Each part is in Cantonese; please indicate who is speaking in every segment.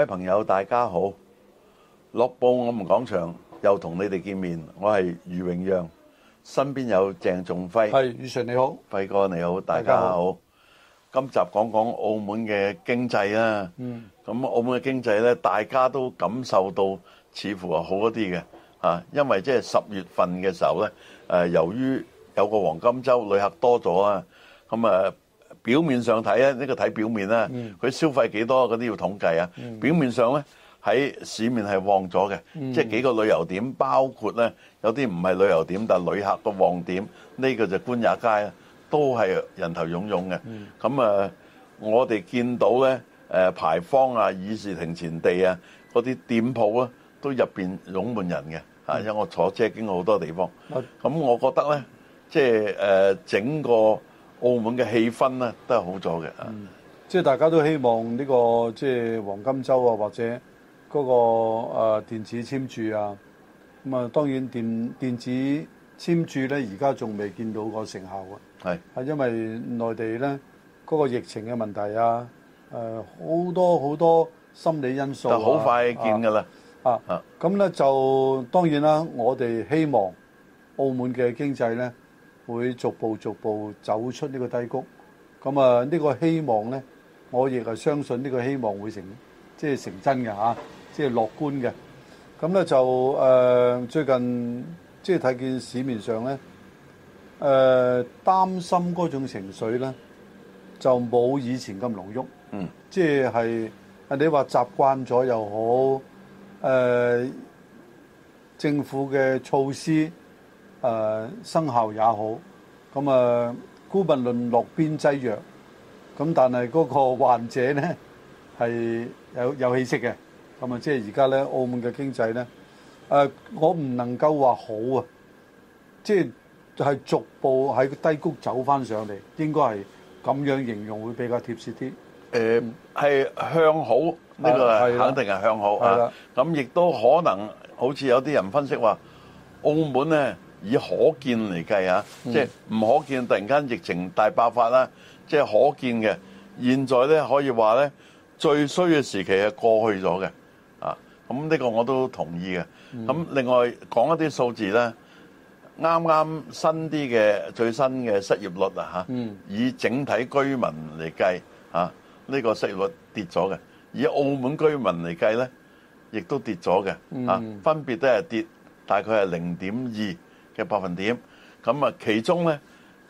Speaker 1: 各位朋友，大家好！樂報我們講場又同你哋見面，我係余榮讓，身邊有鄭仲輝，係余 Sir 你好，輝哥你好，大家好。大家好，今集講講澳門嘅經濟啦，啊，咁，嗯，澳門嘅經濟咧，大家都感受到似乎係好一啲嘅啊，因為即係十月份嘅時候咧，誒、啊，由於有個黃金周，旅客多咗啊，咁啊。表面上睇咧，呢個睇表面啦，佢消費幾多嗰啲要統計啊。表面上咧，喺市面係旺咗嘅，即係幾個旅遊點，包括咧有啲唔係旅遊點，但旅客嘅旺點，呢個就官也街啊，都係人頭湧湧嘅。咁啊，我哋見到咧，誒牌坊啊、議事亭前地啊，嗰啲店鋪咧都入邊湧滿人嘅。啊，因為我坐車經過好多地方，咁我覺得咧，即係誒整個，澳門嘅氣氛咧都係好咗嘅，嗯，
Speaker 2: 即係大家都希望呢、這個即係黃金周啊，或者嗰、那個誒、呃、電子簽注啊，咁、嗯、啊當然電，電子簽注咧而家仲未見到個成效啊，係，因為內地咧嗰、那個疫情嘅問題啊，誒、呃、好多好多心理因素，就好快見㗎啦，啊，咁咧就，就當然啦，我哋希望澳門嘅經濟咧。會逐步逐步走出呢個低谷，咁啊呢個希望咧，我亦係相信呢個希望會成，即係成真嘅吓，即係樂觀嘅。咁咧就誒、呃、最近即係睇見市面上咧誒、呃、擔心嗰種情緒咧，就冇以前咁濃郁，嗯，即係啊你話習慣咗又好誒、呃、政府嘅措施。誒生效也好，咁誒姑勿論落邊劑藥，咁但係嗰個患者咧係有有氣息嘅，咁啊，即係而家咧，澳門嘅經濟咧，誒，我唔能夠話好啊，即係係逐步喺低谷走返上嚟，應該係咁樣形容會比較貼切啲。誒，係向好呢個係肯定係
Speaker 1: 向好啊，係啦，咁亦都可能好似有啲人分析話，澳門咧。以可見嚟計嚇，即係唔可見突然間疫情大爆發啦，即係可見嘅。現在咧可以話咧，最衰嘅時期係過去咗嘅。啊，咁呢個我都同意嘅。咁另外講一啲數字咧，啱啱新啲嘅最新嘅失業率啊嚇，以整體居民嚟計嚇，呢個失業率跌咗嘅。以澳門居民嚟計咧，亦都跌咗嘅。嚇，分別都係跌，大概係零點二嘅百分點，咁啊，其中咧，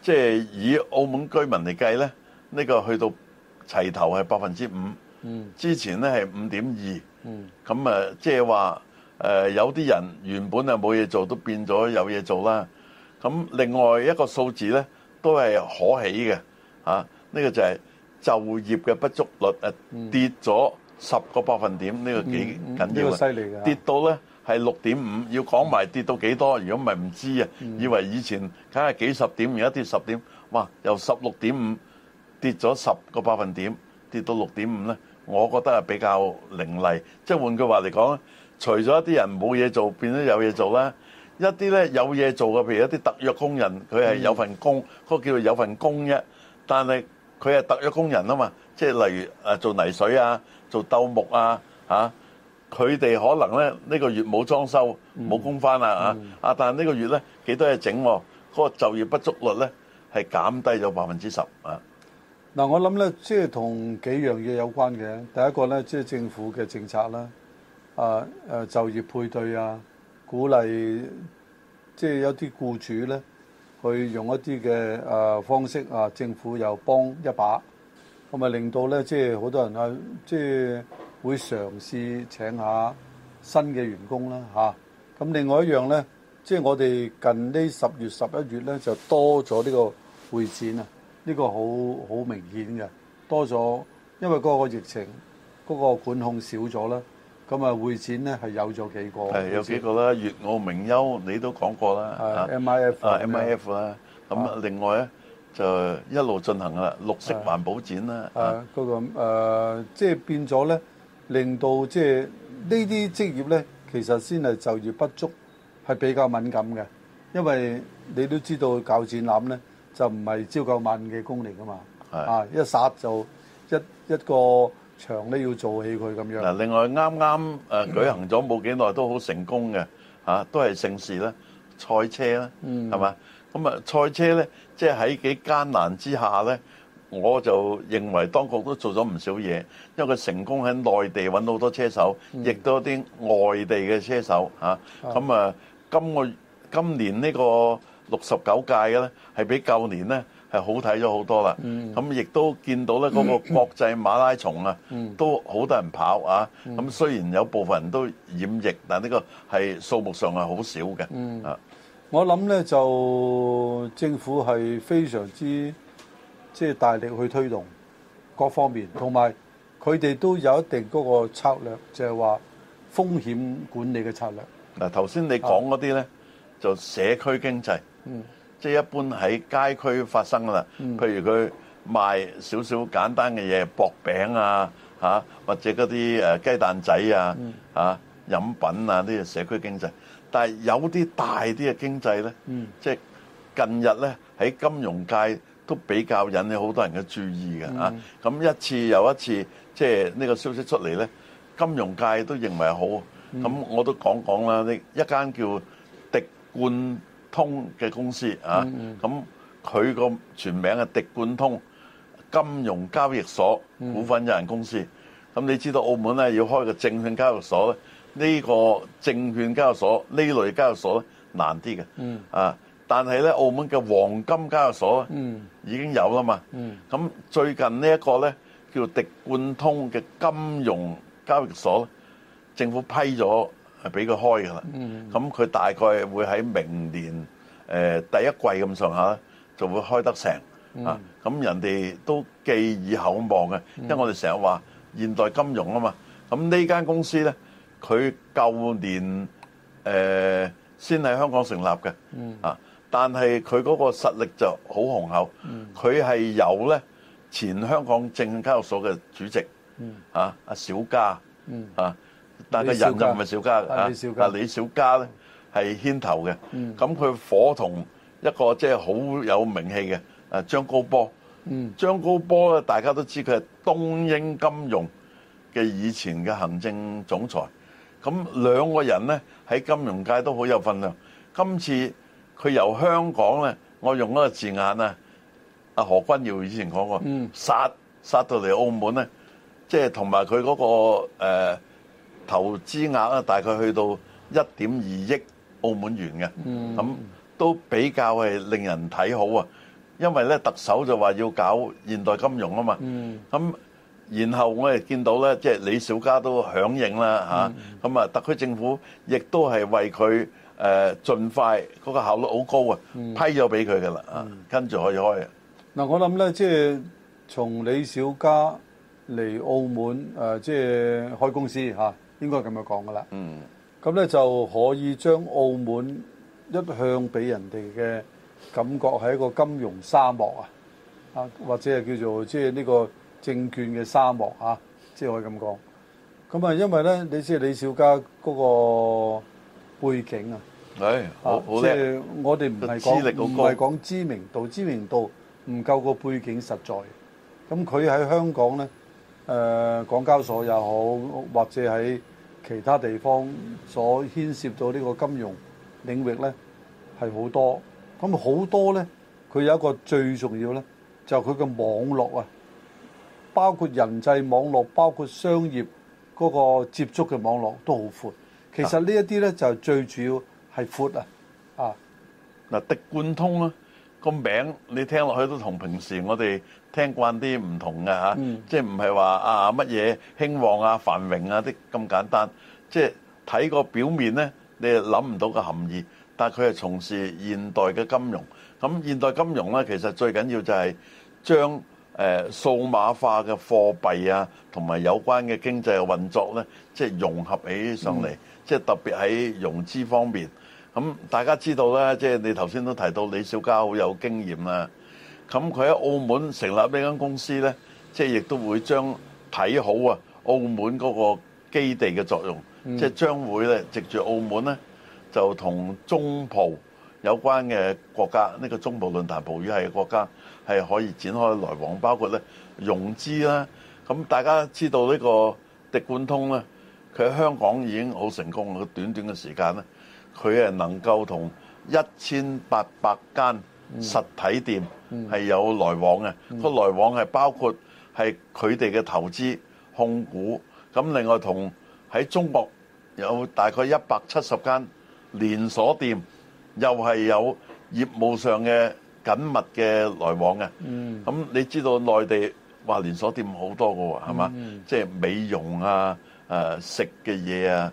Speaker 1: 即係以澳門居民嚟計咧，呢個去到齊頭係百分之五，嗯，之前咧係五點二，嗯，咁啊，即係話誒，有啲人原本啊冇嘢做，都變咗有嘢做啦。咁另外一個數字咧，都係可喜嘅，啊，呢個就係就業嘅不足率誒、嗯、跌咗十個百分點，呢個幾緊要嘅。嗯嗯，這個犀利嘅、跌到咧。啊係六點五，要講埋跌到幾多？如果唔係唔知啊，嗯、以為以前梗係幾十點而家跌十點，哇！由十六點五跌咗十個百分點，跌到六點五咧，我覺得係比較凌厲。即係換句話嚟講，除咗一啲人冇嘢做變咗有嘢做啦，一啲咧有嘢做嘅，譬如一啲特約工人，佢係有份工，嗰個、嗯、叫做有份工啫。但係佢係特約工人啊嘛，即係例如誒做泥水啊、做鬥木啊、嚇佢哋可能咧，呢個月冇裝修冇、嗯、工返啊、嗯、啊！但係呢個月咧幾多嘢整、啊，嗰、嗰個就業不足率咧係減低咗百分之十啊！
Speaker 2: 嗱、嗯，我諗咧，即係同幾樣嘢有關嘅。第一個咧，即、就、係、是、政府嘅政策啦，啊就業配對啊，鼓勵即係、就是、有啲僱主咧去用一啲嘅方式啊，政府又幫一把，同埋令到咧即係好多人啊即係。就是會嘗試請下新嘅員工啦嚇。咁另外一樣咧，即係我哋近呢十月十一月咧，就多咗呢個會展啊。呢個好好明顯嘅，多咗，因為嗰個疫情嗰個管控少咗啦。咁啊，會展咧係有咗幾個，係有幾
Speaker 1: 個啦。粵澳名優你都講過啦，啊 MIF 啊 MIF 啦。咁另外咧就一路進行啦。綠色環保展啦，
Speaker 2: 啊嗰個誒即係變咗咧。令到即係呢啲職業咧，其實先係就業不足係比較敏感嘅，因為你都知道搞展覽咧就唔係朝九晚五嘅工嚟噶嘛，啊一殺就一一個場咧要做起佢咁樣。嗱，
Speaker 1: 另外啱啱誒舉行咗冇幾耐都好成功嘅，嚇都係盛事啦，賽車啦，係嘛？咁啊賽車咧，即係喺幾艱難之下咧。我就認為當局都做咗唔少嘢，因為佢成功喺內地揾到好多車手，亦都有啲外地嘅車手咁的啊，今個今年這個69呢個六十九屆嘅咧，係比舊年咧係好睇咗好多啦。咁亦、嗯啊、都見到咧嗰個國際馬拉松啊，嗯、都好多人跑啊。咁、啊、雖然有部分人都染疫，但呢個係數目上係好少嘅。嗯啊、
Speaker 2: 我諗咧就政府係非常之。即係大力去推動各方面，同埋佢哋都有一定嗰個策略，就係話風險管理嘅策略。
Speaker 1: 嗱，頭先你講嗰啲咧，就社區經濟，即係一般喺街區發生㗎啦。譬如佢賣少少簡單嘅嘢，薄餅啊嚇或者嗰啲誒雞蛋仔啊嚇、飲品啊，呢啲社區經濟。但係有啲大啲嘅經濟咧，即係近日咧喺金融界。都比較引起好多人嘅注意嘅嚇、啊，咁一次又一次，即係呢個消息出嚟咧，金融界都認為好、啊。咁、嗯、我都講講啦，呢一間叫迪冠通嘅公司啊，咁佢個全名係迪冠通金融交易所股份有限公司。咁、嗯、你知道澳門咧要開個證券交易所呢、呢個證券交易所呢類交易所咧難啲嘅，啊。嗯但係咧，澳門嘅黃金交易所已經有啦嘛。咁最近呢一個咧，叫迪冠通嘅金融交易所，政府批咗係俾佢開㗎啦。咁佢大概會喺明年誒第一季咁上下就會開得成啊。咁人哋都寄以厚望嘅，因為我哋成日話現代金融啊嘛。咁呢間公司咧，佢舊年誒先喺香港成立嘅啊。但係佢嗰個實力就好雄厚，佢係有咧前香港證交所嘅主席啊，阿小嘉啊，但係人就唔係小嘉嘅啊，但係李小嘉咧係牽頭嘅。咁佢伙同一個即係好有名氣嘅啊張高波，張高波咧大家都知佢係東英金融嘅以前嘅行政總裁。咁兩個人咧喺金融界都好有份量。今次。佢由香港咧，我用一個字眼啊，阿何君堯以前講過，殺殺到嚟澳門咧，即係同埋佢嗰個、呃、投資額啊，大概去到一點二億澳門元嘅，咁都比較係令人睇好啊，因為咧特首就話要搞現代金融啊嘛，咁、嗯嗯、然後我哋見到咧，即係李小加都響應啦吓、咁啊、嗯嗯、特區政府亦都係為佢。誒，盡快嗰個效率好高啊！批咗俾佢嘅啦，啊，跟住可以開啊。
Speaker 2: 嗱，我諗咧，即係從李小嘉嚟澳門誒，即係開公司嚇，應該咁樣講嘅啦。嗯，咁咧就可以將澳門一向俾人哋嘅感覺係一個金融沙漠啊，啊，或者係叫做即係呢個證券嘅沙漠啊，即係可以咁講。咁啊，因為咧，你知李小嘉嗰個背景啊。
Speaker 1: 即係、哎、
Speaker 2: 我哋唔係講唔係講知名度，知名度唔夠個背景實在。咁佢喺香港呢，誒、呃，港交所又好，或者喺其他地方所牽涉到呢個金融領域呢，係好多。咁好多呢，佢有一個最重要呢，就佢、係、嘅網絡啊，包括人際網絡，包括商業嗰個接觸嘅網絡都好闊。其實呢一啲呢，就係最主要。係闊啊！啊嗱，滴灌
Speaker 1: 通啊個名，你聽落去都同平時我哋聽慣啲唔同嘅嚇、啊，嗯、即係唔係話啊乜嘢興旺啊、繁榮啊啲咁簡單？即係睇個表面咧，你係諗唔到個含義。但係佢係從事現代嘅金融，咁現代金融咧，其實最緊要就係將誒數碼化嘅貨幣啊，同埋有關嘅經濟嘅運作咧，即係融合起上嚟，嗯、即係特別喺融資方面。咁大家知道啦，即係你頭先都提到李小加好有經驗啦。咁佢喺澳門成立呢間公司咧，即係亦都會將睇好啊澳門嗰個基地嘅作用，嗯、即係將會咧藉住澳門咧就同中葡有關嘅國家呢、這個中葡論壇葡語系嘅國家係可以展開來往，包括咧融資啦。咁大家知道呢個迪冠通咧，佢喺香港已經好成功，佢短短嘅時間咧。佢係能夠同一千八百間實體店係、嗯、有來往嘅、嗯，個來往係包括係佢哋嘅投資控股，咁另外同喺中國有大概一百七十間連鎖店又係有業務上嘅緊密嘅來往嘅。咁、嗯、你知道內地話連鎖店好多嘅喎，係嘛？即係、嗯嗯、美容啊，誒、呃、食嘅嘢啊。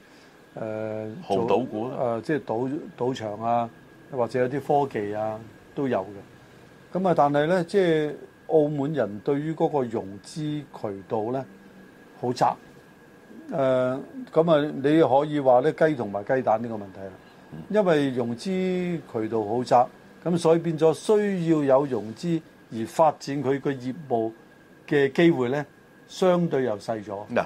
Speaker 2: 誒、呃，做誒、呃，即係賭賭場啊，或者有啲科技啊，都有嘅。咁啊，但係咧，即係澳門人對於嗰個融資渠道咧，好窄。誒、呃，咁啊，你可以話咧，雞同埋雞蛋呢個問題啦。因為融資渠道好窄，咁所以變咗需要有融資而發展佢個業務嘅機會咧，相對又細咗。嗱。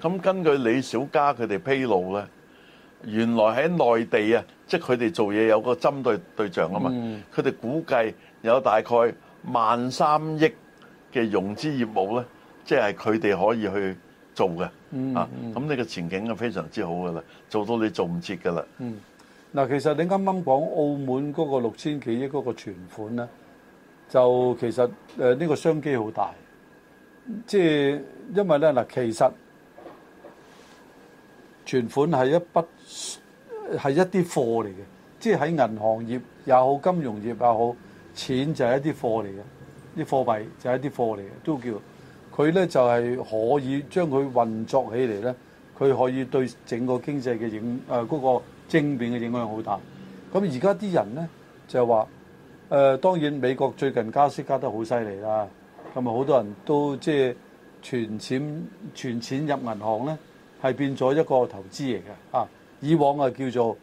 Speaker 1: 咁根據李小加佢哋披露咧，原來喺內地啊，即係佢哋做嘢有個針對對象啊嘛。佢哋估計有大概萬三億嘅融資業務咧，即係佢哋可以去做嘅啊。咁呢個前景啊非常之好㗎喇，做到你做唔切㗎喇。嗯，
Speaker 2: 嗱，其實你啱啱講澳門嗰個六千幾億嗰個存款咧，就其實誒呢個商機好大，即係因為咧嗱，其實。存款係一筆係一啲貨嚟嘅，即係喺銀行業也好、金融業也好，錢就係一啲貨嚟嘅，啲貨幣就係一啲貨嚟嘅，都叫佢呢就係、是、可以將佢運作起嚟呢，佢可以對整個經濟嘅影嗰、呃嗰個正面嘅影響好大。咁而家啲人呢，就係話誒，當然美國最近加息加得好犀利啦，咁啊好多人都即係存錢存錢入銀行呢。」係變咗一個投資嚟嘅，啊！以往啊叫做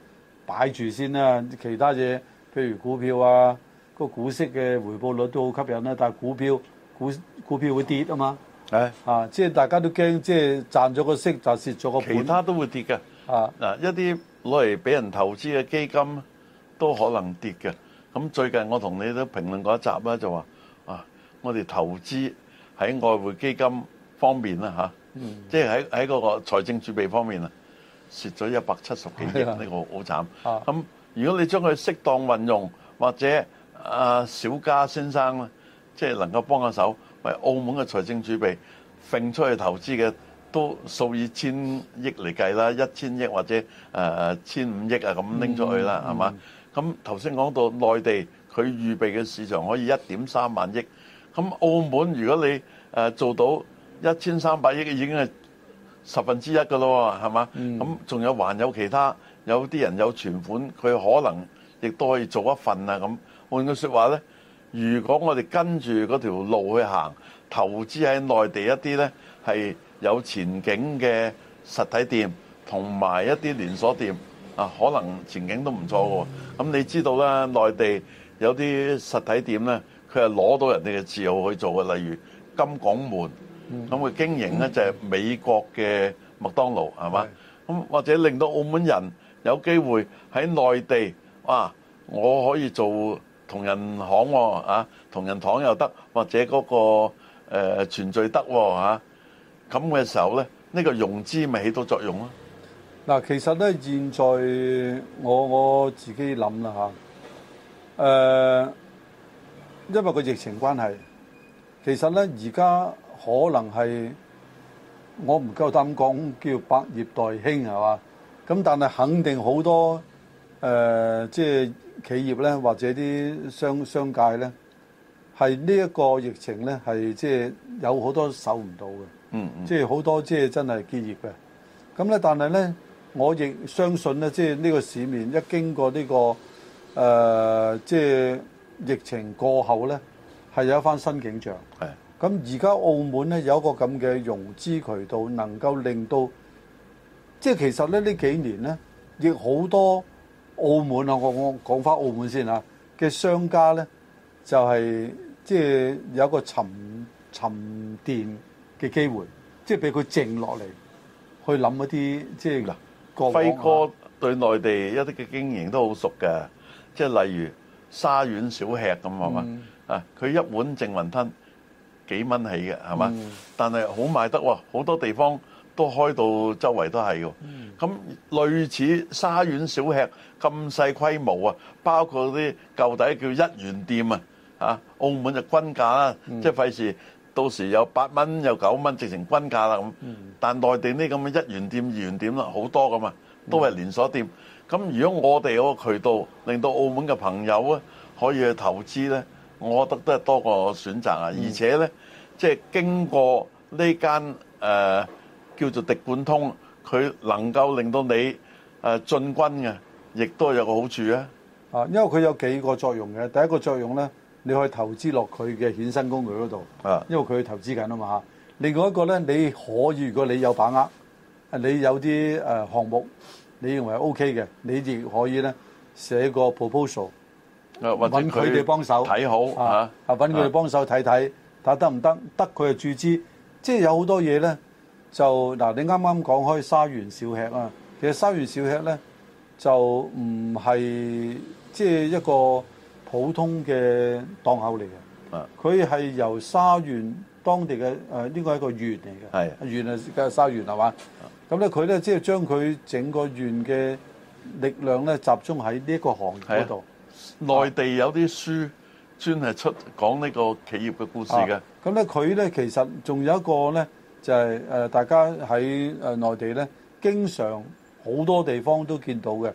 Speaker 2: 擺住先啦、啊，其他嘢譬如股票啊，個股息嘅回報率都好吸引啦、啊，但係股票股股票會跌啊嘛，係啊，即係大家都驚，即係賺咗個息就蝕咗個本，其他都會跌嘅，啊！嗱，一啲攞嚟俾人投資嘅基金都可能
Speaker 1: 跌嘅，咁最近我同你都評論過一集啦、啊，就話啊，我哋投資喺外匯基金方面啦，嚇。即係喺喺嗰個財政儲備方面的啊，蝕咗一百七十幾億，呢個好慘。咁如果你將佢適當運用，或者阿、啊、小嘉先生即係、就是、能夠幫下手，為澳門嘅財政儲備揈出去投資嘅，都數以千億嚟計啦，一千億或者誒千五億啊，咁拎、啊、出去啦，係嘛、嗯？咁頭先講到內地佢預備嘅市場可以一點三萬億，咁澳門如果你誒、呃、做到。一千三百億已經係十分之一㗎咯，係嘛？咁仲、嗯、有，還有其他有啲人有存款，佢可能亦都可以做一份啊。咁換句説話呢：如果我哋跟住嗰條路去行，投資喺內地一啲呢係有前景嘅實體店同埋一啲連鎖店啊，可能前景都唔錯喎。咁、嗯嗯、你知道啦，內地有啲實體店呢，佢係攞到人哋嘅字號去做嘅，例如金拱門。咁佢經營咧就係美國嘅麥當勞係嘛？咁或者令到澳門人有機會喺內地，哇！我可以做同仁行喎，啊，同仁堂又得，或者嗰個誒全聚德喎，啊，咁嘅時候咧，呢個融資咪起到作用咯。
Speaker 2: 嗱，其實咧，現在我我自己諗啦嚇，誒，因為個疫情關係，其實咧而家。可能係我唔夠膽講，叫百業待興係嘛？咁但係肯定好多誒、呃，即係企業咧，或者啲商商界咧，係呢一個疫情咧，係即係有好多守唔到嘅，嗯，嗯即，即係好多即係真係結業嘅。咁咧，但係咧，我亦相信咧，即係呢個市面一經過呢個誒、呃，即係疫情過後咧，係有一番新景象。係。咁而家澳門咧，有一個咁嘅融資渠道，能夠令到即係其實咧，呢幾年咧亦好多澳門啊，我我講翻澳門先啊嘅商家咧，就係即係有一個沉沉澱嘅機會，即係俾佢靜落嚟去諗一啲即係嗱。輝哥
Speaker 1: 對內地一啲嘅經營都好熟嘅，即係例如沙縣小吃咁啊嘛啊，佢一碗淨雲吞。幾蚊起嘅係嘛？但係好賣得喎，好多地方都開到周圍都係喎。咁類似沙縣小吃咁細規模啊，包括啲舊底叫一元店啊，啊澳門就均價啦，即係費事到時有八蚊有九蚊，直成均價啦咁。但係內地呢咁嘅一元店二元店啦，好多噶嘛，都係連鎖店。咁如果我哋嗰個渠道令到澳門嘅朋友咧可以去投資咧？我覺得都係多個選擇啊，而且呢，即係經過呢間誒、呃、叫做迪管通，佢能夠令到你誒、啊、進軍嘅，亦都有個好處啊！
Speaker 2: 啊，因為佢有幾個作用嘅，第一個作用呢，你可以投資落佢嘅衍生工具嗰度，因為佢投資緊啊嘛。另外一個呢，你可以如果你有把握，你有啲誒項目，你認為 OK 嘅，你亦可以呢寫個 proposal。揾佢哋幫手睇好嚇，揾佢哋幫啊揾佢哋幫手睇睇，睇下得唔得？得佢就注資，即係有好多嘢咧。就嗱，你啱啱講開沙縣小吃啦，其實沙縣小吃咧就唔係即係一個普通嘅檔口嚟嘅。佢係、啊、由沙縣當地嘅誒呢個一個縣嚟嘅，係縣的啊，嘅沙縣係嘛？咁咧的，佢咧即係將佢整個縣嘅力量咧集中喺呢一個行業嗰度。
Speaker 1: 內地有啲書專係出講呢個企業嘅故事嘅、啊啊。
Speaker 2: 咁咧佢咧其實仲有一個咧，就係、誒、大家喺內地咧，經常好多地方都見到嘅。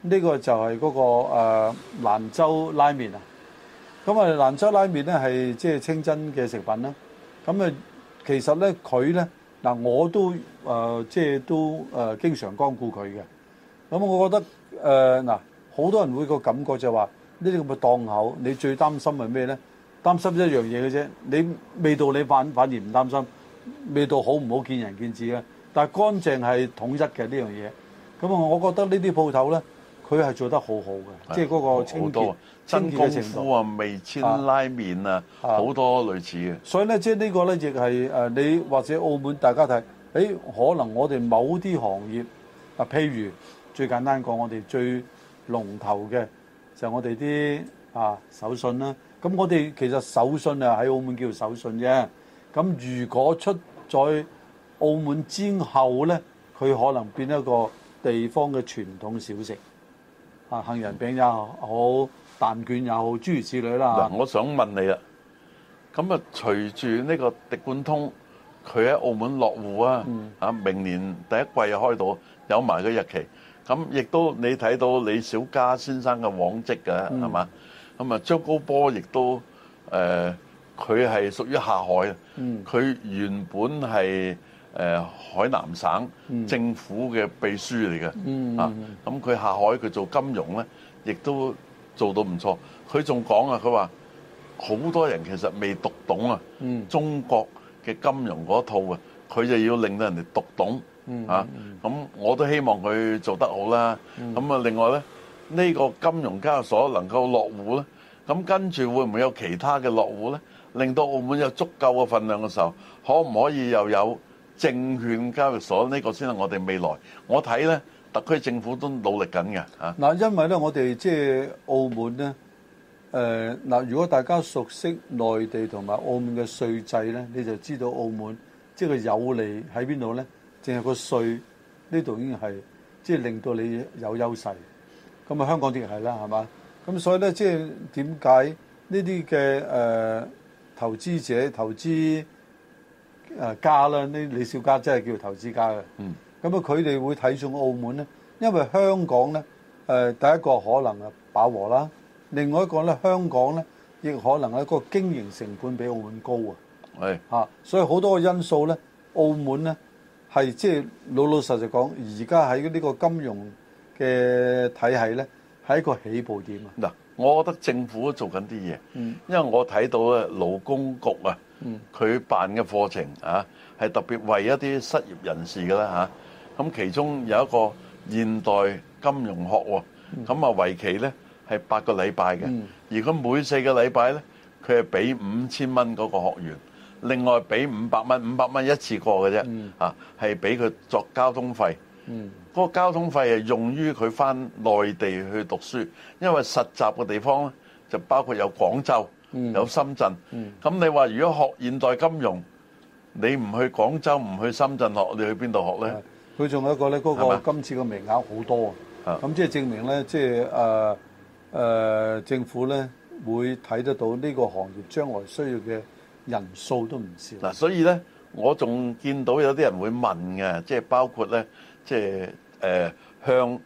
Speaker 2: 呢、呢個就係嗰、嗰個誒、呃、蘭州拉麵啊。咁啊，蘭州拉麵咧係即係清真嘅食品啦。咁啊，其實咧佢咧嗱，我都即係、呃即係、都誒經常光顧佢嘅。咁、啊、我覺得誒嗱。呃啊好多人會個感覺就話呢啲咁嘅檔口，你最擔心係咩咧？擔心一樣嘢嘅啫。你味道你反反而唔擔心，味道好唔好見仁見智啦。但係乾淨係統一嘅呢樣嘢。咁啊，我覺得呢啲鋪頭咧，佢係做得好好嘅，的即係嗰個好多清真功夫啊、
Speaker 1: 味千拉麵啊，好、啊、多類似嘅。
Speaker 2: 所以咧，即係呢個咧，亦係你或者澳門大家睇，誒、哎、可能我哋某啲行業啊，譬如最簡單講，我哋最龍頭嘅就係、我哋啲啊手信啦，咁我哋其實手信啊喺澳門叫做手信啫。咁如果出咗澳門之後咧，佢可能變成一個地方嘅傳統小食，啊杏仁餅也好，蛋卷也好，諸如此類啦。嗱，我
Speaker 1: 想問你啦，咁啊隨住呢個迪冠通佢喺澳門落戶啊，啊、嗯、明年第一季開到有埋個日期。咁亦都你睇到李小加先生嘅往績嘅係嘛？咁啊、嗯、張高波亦都誒，佢、呃、係屬於下海，佢、嗯、原本係誒、呃、海南省政府嘅秘書嚟嘅、嗯、啊。咁佢下海佢做金融咧，亦都做到唔錯。佢仲講啊，佢話好多人其實未讀懂啊，中國嘅金融嗰套啊，佢就要令到人哋讀懂。嗯嗯，嗯，嗯啊，咁我都希望佢做得好啦、啊。咁、嗯、啊，另外呢，呢、呢個金融交易所能夠落戶呢，咁、啊、跟住會唔會有其他嘅落戶呢？令到澳門有足夠嘅份量嘅時候，可唔可以又有證券交易所呢、呢個先係我哋未來？我睇呢，特區政府都努力緊嘅嚇
Speaker 2: 嗱，啊、因為呢，我哋即係澳門呢。誒、呃、嗱，如果大家熟悉內地同埋澳門嘅稅制呢，你就知道澳門即係、就是、有利喺邊度呢。淨係個稅呢度已經係，即係令到你有優勢。咁啊，香港亦係啦，係嘛？咁所以咧，即係點解呢啲嘅誒投資者、投資誒家啦？呢李小加真係叫做投資家嘅。嗯。咁啊，佢哋會睇中澳門咧，因為香港咧誒，第一個可能啊飽和啦，另外一個咧，香港咧亦可能係一個經營成本比澳門高啊。係。嚇！所以好多個因素咧，澳門咧。係即係老老實實講，而家喺呢個金融嘅體系咧，係一個起步點啊！嗱，
Speaker 1: 我覺得政府都做緊啲嘢，因為我睇到咧勞工局啊，佢辦嘅課程啊，係特別為一啲失業人士嘅啦嚇。咁其中有一個現代金融學喎，咁啊為期咧係八個禮拜嘅，而佢每四個禮拜咧，佢係俾五千蚊嗰個學員。另外俾五百蚊，五百蚊一次過嘅啫，啊、嗯，係俾佢作交通費。嗰、嗯、個交通費係用於佢翻內地去讀書，因為實習嘅地方咧就包括有廣州、嗯、有深圳。咁、嗯嗯、你話如果學現代金融，你唔去廣州、唔去深圳學，你去邊度學咧？
Speaker 2: 佢仲有一個咧，嗰、個今次嘅名額好多，咁即係證明咧，即係誒誒政府咧會睇得到呢個行業將來需要嘅。人數都唔少嗱，所以咧，我仲見到有啲人會問嘅，即係包括咧，即
Speaker 1: 係誒向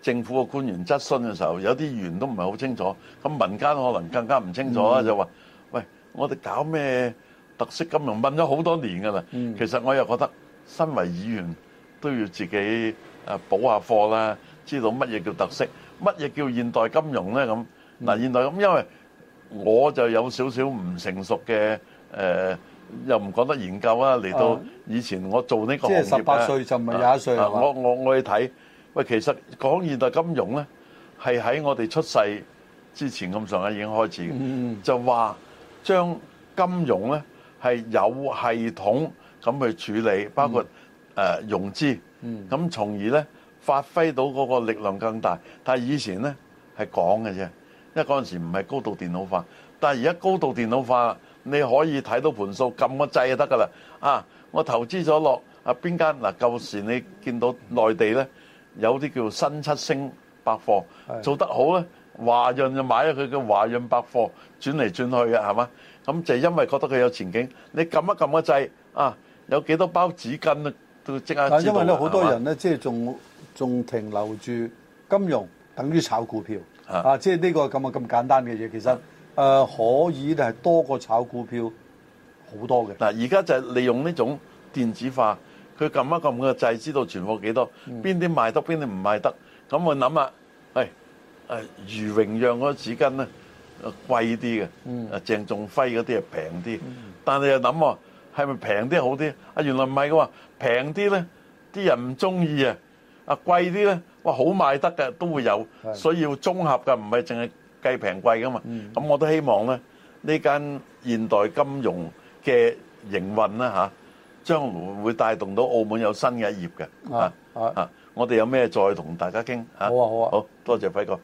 Speaker 1: 政府嘅官員質詢嘅時候，有啲議員都唔係好清楚，咁民間可能更加唔清楚啊，就話：喂，我哋搞咩特色金融？問咗好多年㗎啦，其實我又覺得身為議員都要自己誒補下課啦，知道乜嘢叫特色，乜嘢叫現代金融咧？咁嗱，現代咁，因為我就有少少唔成熟嘅。誒、呃、又唔覺得研究啦！嚟到以前我做呢個行業十八、啊、歲就唔係廿一歲我我我去睇喂，其實講現代金融咧，係喺我哋出世之前咁上下已經開始嘅，嗯、就話將金融咧係有系統咁去處理，包括、嗯呃、融資咁，嗯、從而咧發揮到嗰個力量更大。但係以前咧係講嘅啫，因為嗰陣時唔係高度電腦化，但係而家高度電腦化。你可以睇到盤數，撳個掣就得噶啦。啊，我投資咗落啊邊間嗱？舊時你見到內地咧，有啲叫新七星百貨是的 做得好咧，華潤就買咗佢嘅華潤百貨轉嚟轉去嘅係嘛？咁就因為覺得佢有前景，你撳一撳個掣啊，有幾多包紙巾都即刻知道係因為咧，好多人
Speaker 2: 咧，即係仲仲停留住金融，等於炒股票是的 啊！即係呢個咁啊咁簡單嘅嘢，其實。誒、呃、可以，但係多過炒股票好多嘅
Speaker 1: 嗱。而家就係利用呢種電子化，佢撳一撳個掣，知道存貨幾多，邊啲、嗯、賣得，邊啲唔賣得。咁我諗啊，誒誒，余榮讓嗰紙巾咧貴啲嘅，誒、嗯、鄭仲輝嗰啲啊平啲。嗯、但係又諗啊，係咪平啲好啲？啊，原來唔係嘅喎，平啲咧，啲人唔中意啊。啊，貴啲咧，哇，好賣得嘅都會有，是的，所以要綜合嘅，唔係淨係。計平貴噶嘛，咁、嗯、我都希望咧呢間現代金融嘅營運啦、嚇、將會帶動到澳門有新嘅一頁嘅啊！啊啊我哋有咩再同大家傾嚇好啊好啊，好，啊好多謝輝哥。